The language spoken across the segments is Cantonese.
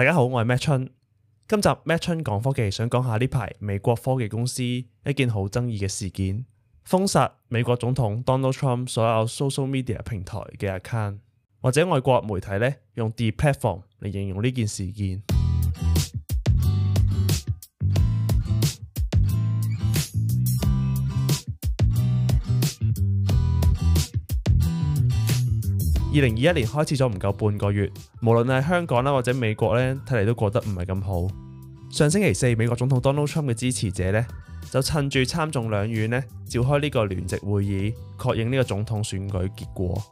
大家好，我係麥春。今集麥春講科技，想講下呢排美國科技公司一件好爭議嘅事件，封殺美國總統 Donald Trump 所有 social media 平台嘅 account，或者外國媒體咧用 deplatform 嚟形容呢件事件。二零二一年開始咗唔夠半個月，無論係香港啦或者美國咧，睇嚟都過得唔係咁好。上星期四，美國總統 Donald Trump 嘅支持者咧，就趁住參眾兩院呢，召開呢個聯席會議，確認呢個總統選舉結果。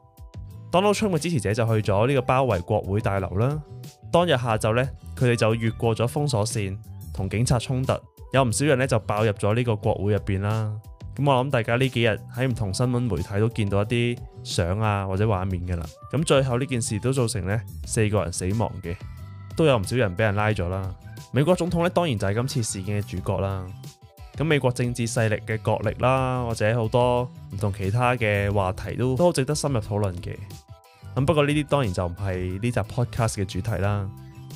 Donald Trump 嘅支持者就去咗呢個包圍國會大樓啦。當日下晝咧，佢哋就越過咗封鎖線，同警察衝突，有唔少人咧就爆入咗呢個國會入邊啦。咁我諗大家呢幾日喺唔同新聞媒體都見到一啲相啊，或者畫面㗎啦。咁最後呢件事都造成呢四個人死亡嘅，都有唔少人俾人拉咗啦。美國總統呢，當然就係今次事件嘅主角啦。咁美國政治勢力嘅角力啦，或者好多唔同其他嘅話題都都好值得深入討論嘅。咁不過呢啲當然就唔係呢集 podcast 嘅主題啦。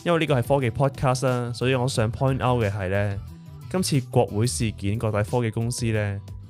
因為呢個係科技 podcast 啦。所以我想 point out 嘅係呢，今次國會事件各大科技公司呢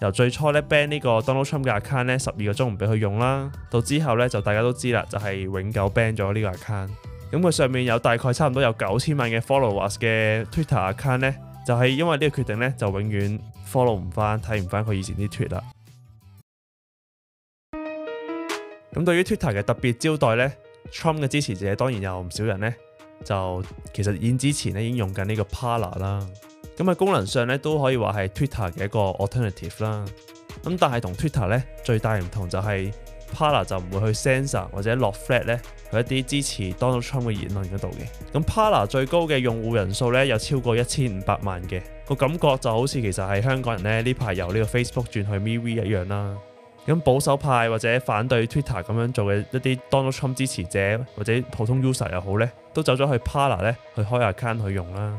由最初咧 ban 呢個 Donald Trump 嘅 account 咧，十二個鐘唔俾佢用啦，到之後咧就大家都知啦，就係永久 ban 咗呢個 account。咁佢上面有大概差唔多有九千萬嘅 followers 嘅 Twitter account 咧，就係因為呢個決定咧，就永遠 follow 唔翻，睇唔翻佢以前啲 tweet 啦。咁對於 Twitter 嘅特別招待咧，Trump 嘅支持者當然有唔少人咧，就其實演之前咧已經用緊呢個 Parler 啦。咁功能上咧都可以話係 Twitter 嘅一個 alternative 啦。咁但係同 Twitter 咧最大唔同就係 Parler 就唔會去 censor 或者落 flat 咧，佢一啲支持 Donald Trump 嘅言論嗰度嘅。咁 Parler 最高嘅用戶人數咧有超過一千五百萬嘅，個感覺就好似其實係香港人咧呢排由呢個 Facebook 轉去 MeWe 一樣啦。咁保守派或者反對 Twitter 咁樣做嘅一啲 Donald Trump 支持者或者普通 user 又好咧，都走咗去 Parler 咧去開 account 去用啦。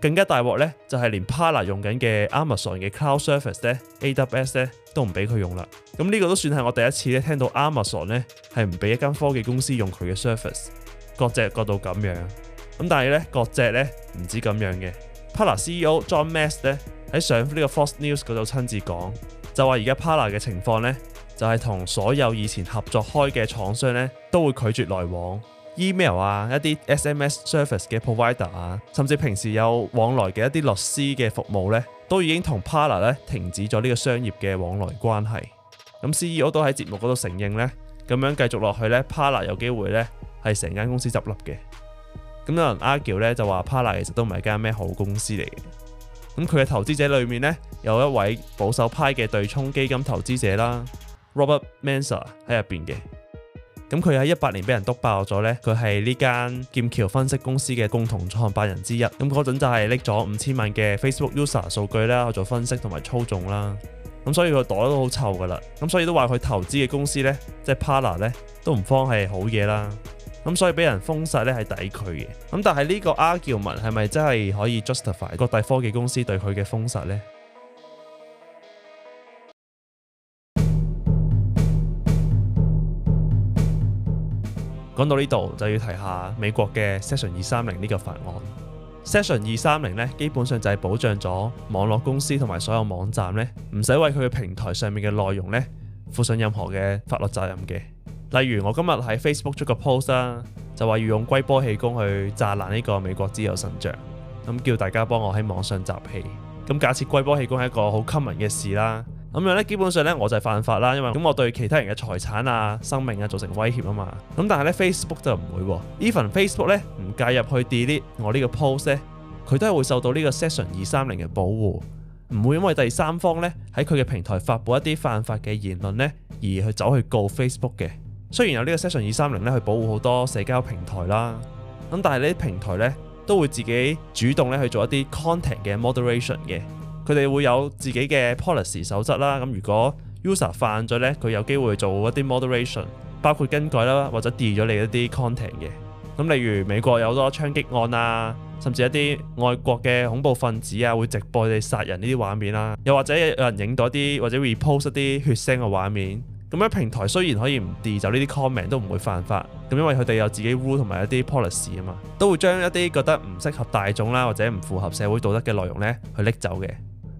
更加大鑊咧，就係、是、連 Parler 用緊嘅 Amazon 嘅 Cloud Service 咧，AWS 咧，都唔俾佢用啦。咁呢個都算係我第一次咧聽到 Amazon 咧係唔俾一間科技公司用佢嘅 service，割席割到咁樣。咁但係咧，割席咧唔止咁樣嘅，Parler CEO John Mass 咧喺上呢個 Fox News 嗰度親自講，就話而家 Parler 嘅情況咧，就係、是、同所有以前合作開嘅廠商咧都會拒絕來往。Email 啊，一啲 SMS service 嘅 provider 啊，甚至平時有往來嘅一啲律師嘅服務呢，都已經同 Parler 咧停止咗呢個商業嘅往來關係。咁 CEO 都喺節目嗰度承認呢，咁樣繼續落去呢，Parler 有機會呢係成間公司執笠嘅。咁有人 Argue 呢就話 Parler 其實都唔係間咩好公司嚟嘅。咁佢嘅投資者裏面呢，有一位保守派嘅對沖基金投資者啦，Robert Manser 喺入邊嘅。咁佢喺一八年俾人篤爆咗呢，佢係呢間劍橋分析公司嘅共同創辦人之一。咁嗰陣就係拎咗五千萬嘅 Facebook user 數據啦去做分析同埋操縱啦。咁所以佢袋都好臭噶啦。咁所以都話佢投資嘅公司呢，即係 Parler 呢，都唔慌係好嘢啦。咁所以俾人封殺呢係抵佢嘅。咁但係呢個 argument 係咪真係可以 justify 各大科技公司對佢嘅封殺呢？講到呢度就要提下美國嘅 Section 二三零呢個法案。Section 二三零咧基本上就係保障咗網絡公司同埋所有網站咧唔使為佢嘅平台上面嘅內容咧負上任何嘅法律責任嘅。例如我今日喺 Facebook 出個 post 啦，就話要用龜波氣功去炸爛呢個美國自由神像，咁叫大家幫我喺網上集氣。咁假設龜波氣功係一個好 common 嘅事啦。咁樣咧，基本上咧，我就係犯法啦，因為咁我對其他人嘅財產啊、生命啊造成威脅啊嘛。咁但係咧，Facebook 就唔會喎。Even Facebook 咧唔介入去 delete 我呢個 post 咧，佢都係會受到呢個 Section 二三零嘅保護，唔會因為第三方咧喺佢嘅平台發布一啲犯法嘅言論咧而去走去告 Facebook 嘅。雖然有呢個 Section 二三零咧去保護好多社交平台啦，咁但係呢啲平台咧都會自己主動咧去做一啲 content 嘅 moderation 嘅。佢哋會有自己嘅 policy 守則啦。咁如果 user 犯咗呢，佢有機會做一啲 moderation，包括更改啦，或者 delete 咗你一啲 content 嘅。咁例如美國有好多槍擊案啊，甚至一啲外國嘅恐怖分子啊，會直播佢哋殺人呢啲畫面啦。又或者有人影到一啲或者 repost 一啲血腥嘅畫面，咁樣平台雖然可以唔 delete 走呢啲 comment，都唔會犯法。咁因為佢哋有自己 rule 同埋一啲 policy 啊嘛，都會將一啲覺得唔適合大眾啦，或者唔符合社會道德嘅內容呢去拎走嘅。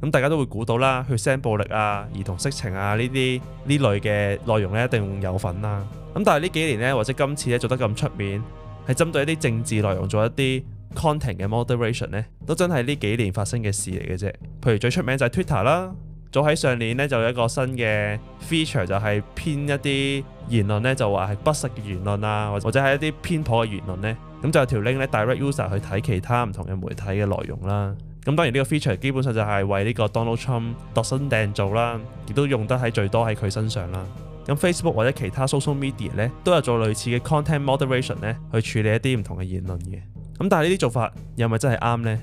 咁大家都會估到啦，血腥暴力啊、兒童色情啊呢啲呢類嘅內容咧，一定會有份啦，啊。咁但係呢幾年咧，或者今次咧做得咁出面，係針對一啲政治內容做一啲 content 嘅 moderation 咧，都真係呢幾年發生嘅事嚟嘅啫。譬如最出名就係 Twitter 啦，早喺上年咧就有一個新嘅 feature 就係編一啲言論咧就話係不實嘅言論啊，或者係一啲偏頗嘅言論咧，咁就有條 link 咧 direct user 去睇其他唔同嘅媒體嘅內容啦。咁當然呢個 feature 基本上就係為呢個 Donald Trump 度身訂做啦，亦都用得喺最多喺佢身上啦。咁 Facebook 或者其他 social media 咧都有做類似嘅 content moderation 咧去處理一啲唔同嘅言論嘅。咁但係呢啲做法有咪真係啱呢？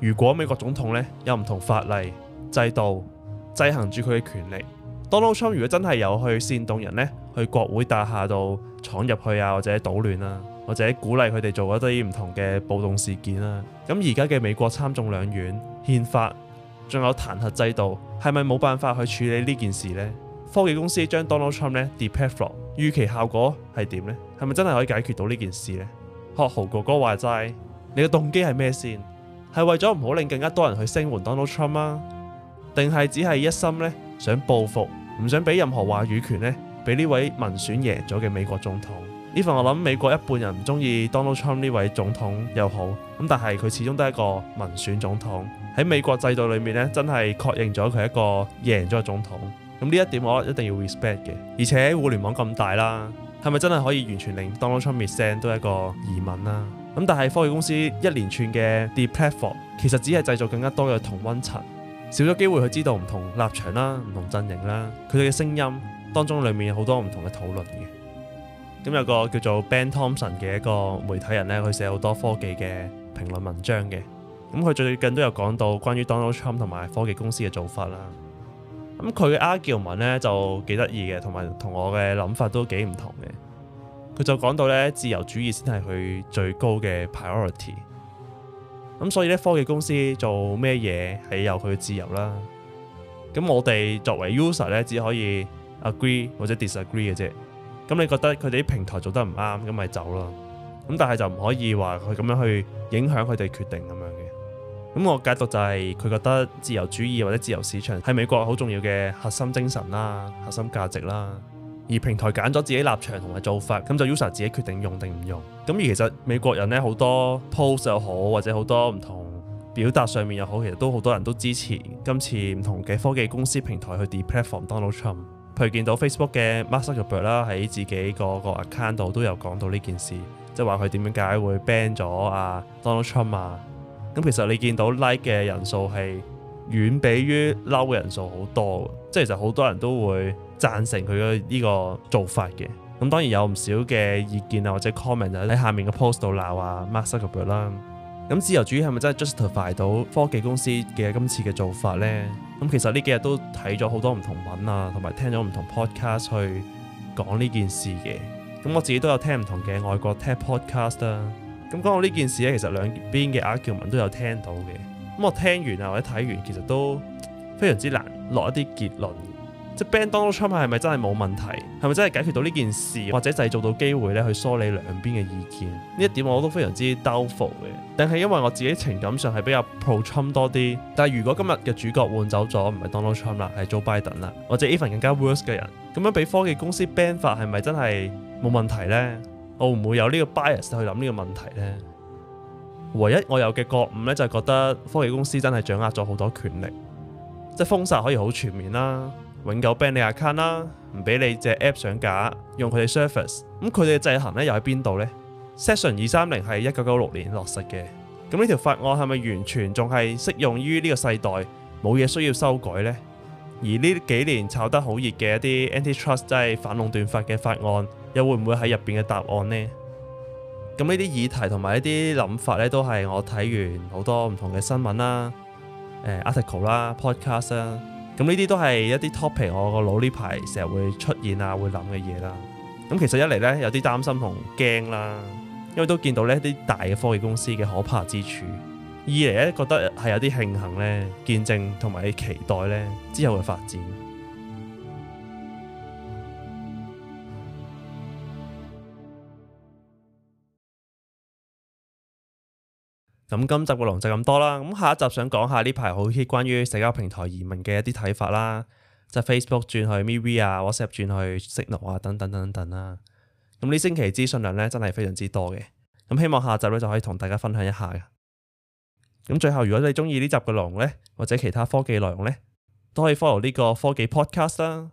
如果美國總統咧有唔同法例制度制衡住佢嘅權力。Donald Trump 如果真係有去煽動人呢，去國會大廈度闖入去啊，或者搗亂啊，或者鼓勵佢哋做一啲唔同嘅暴動事件啊，咁而家嘅美國參眾兩院憲法仲有彈劾制度，係咪冇辦法去處理呢件事呢？科技公司將 Donald Trump 呢 deplatform，預期效果係點呢？係咪真係可以解決到呢件事呢？學豪哥哥話齋，你嘅動機係咩先？係為咗唔好令更加多人去聲援 Donald Trump 啊，定係只係一心呢想報復？唔想俾任何話語權咧，俾呢位民選贏咗嘅美國總統。呢份我諗美國一半人唔中意 Donald Trump 呢位總統又好，咁但係佢始終都係一個民選總統。喺美國制度裏面真係確認咗佢係一個贏咗嘅總統。咁呢一點我一定要 respect 嘅。而且互聯網咁大啦，係咪真係可以完全令 Donald Trump resign 都係一個疑問啦？咁但係科技公司一連串嘅 deplatform 其實只係製造更加多嘅同温層。少咗機會去知道唔同立場啦、唔同陣營啦，佢哋嘅聲音當中裡面有好多唔同嘅討論嘅。咁有個叫做 Ben Thompson 嘅一個媒體人呢，佢寫好多科技嘅評論文章嘅。咁佢最近都有講到關於 Donald Trump 同埋科技公司嘅做法啦。咁佢嘅 argument 呢，就幾得意嘅，同埋同我嘅諗法都幾唔同嘅。佢就講到呢，自由主義先係佢最高嘅 priority。咁所以咧，科技公司做咩嘢係由佢自由啦。咁我哋作為 user 咧，只可以 agree 或者 disagree 嘅啫。咁你覺得佢哋啲平台做得唔啱，咁咪走咯。咁但係就唔可以話佢咁樣去影響佢哋決定咁樣嘅。咁我解讀就係佢覺得自由主義或者自由市場係美國好重要嘅核心精神啦、核心價值啦。而平台揀咗自己立場同埋做法，咁就 user 自己決定用定唔用。咁而其實美國人呢，好多 post 又好，或者好多唔同表達上面又好，其實都好多人都支持今次唔同嘅科技公司平台去 deplatform Donald Trump。佢見到 Facebook 嘅 Mark Zuckerberg 啦，喺自己嗰個 account 度都有講到呢件事，即係話佢點樣解會 ban 咗啊 Donald Trump 啊。咁其實你見到 like 嘅人數係遠比於嬲嘅人數好多。即係其實好多人都會贊成佢嘅呢個做法嘅，咁當然有唔少嘅意見啊，或者 comment 就、啊、喺下面嘅 post 度鬧啊，mark 個 bull 啦。咁自由主義係咪真係 justify 到科技公司嘅今次嘅做法呢？咁其實呢幾日都睇咗好多唔同文啊，同埋聽咗唔同 podcast 去講呢件事嘅。咁我自己都有聽唔同嘅外國 tech podcast 啦、啊。咁講到呢件事呢，其實兩邊嘅 argument 都有聽到嘅。咁我聽完啊或者睇完，其實都。非常之難落一啲結論，即係 ban Donald Trump 係咪真係冇問題，係咪真係解決到呢件事，或者製造到機會咧去梳理兩邊嘅意見？呢一點我都非常之 doubtful 嘅。但係因為我自己情感上係比較 pro Trump 多啲，但係如果今日嘅主角換走咗，唔係 Donald Trump 啦，係 Joe Biden 啦，或者 even 更加 worse 嘅人，咁樣俾科技公司 ban 法係咪真係冇問題呢？我唔會，會有呢個 bias 去諗呢個問題呢。唯一我有嘅覺悟呢，就係、是、覺得科技公司真係掌握咗好多權力。即係封殺可以好全面啦，永久 ban 你 account 啦，唔俾你隻 app 上架，用佢哋 service 咁佢哋嘅制衡又在哪裡呢又喺邊度呢 Section 二三零係一九九六年落實嘅。咁呢條法案係咪完全仲係適用於呢個世代，冇嘢需要修改呢？而呢幾年炒得好熱嘅一啲 antitrust 即係反壟斷法嘅法案，又會唔會喺入邊嘅答案呢？咁呢啲議題和些同埋一啲諗法呢，都係我睇完好多唔同嘅新聞啦。誒、嗯、article 啦，podcast 啦，咁呢啲都係一啲 topic，我個腦呢排成日會出現啊，會諗嘅嘢啦。咁其實一嚟呢，有啲擔心同驚啦，因為都見到呢啲大嘅科技公司嘅可怕之處；二嚟呢，覺得係有啲慶幸呢，見證同埋期待呢之後嘅發展。咁今集嘅龍就咁多啦，咁下一集想講下呢排好 hit 關於社交平台移民嘅一啲睇法啦，即係 Facebook 轉去 MeWe 啊，WhatsApp 轉去 Signal 啊，等等等等啦。咁呢星期資訊量咧真係非常之多嘅，咁希望下集咧就可以同大家分享一下嘅。咁最後如果你中意呢集嘅龍咧，或者其他科技內容咧，都可以 follow 呢個科技 Podcast 啦。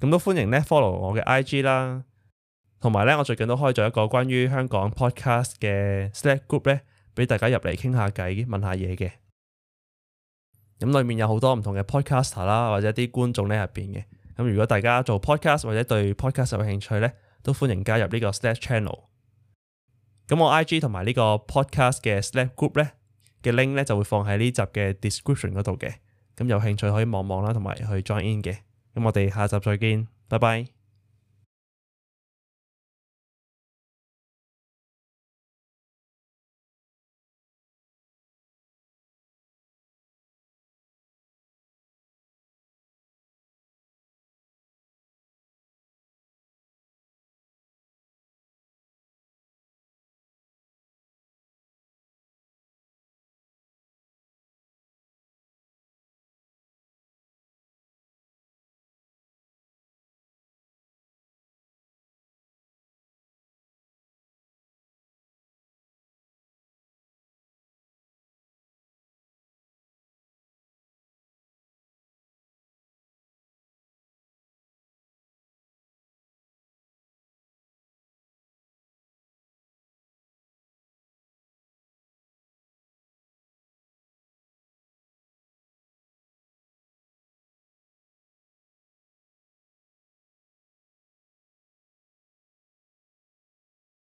咁都歡迎咧 follow 我嘅 IG 啦，同埋咧我最近都開咗一個關於香港 Podcast 嘅 Slack group 咧。俾大家入嚟傾下偈，問下嘢嘅咁，裏面有好多唔同嘅 podcaster 啦，或者啲觀眾呢入面嘅咁。如果大家做 podcast 或者對 podcast 有興趣呢，都歡迎加入呢個 Slack channel。咁我 I G 同埋呢個 podcast 嘅 Slack group 呢嘅 link 呢，就會放喺呢集嘅 description 嗰度嘅。咁有興趣可以望望啦，同埋去 join in 嘅。咁我哋下集再見，拜拜。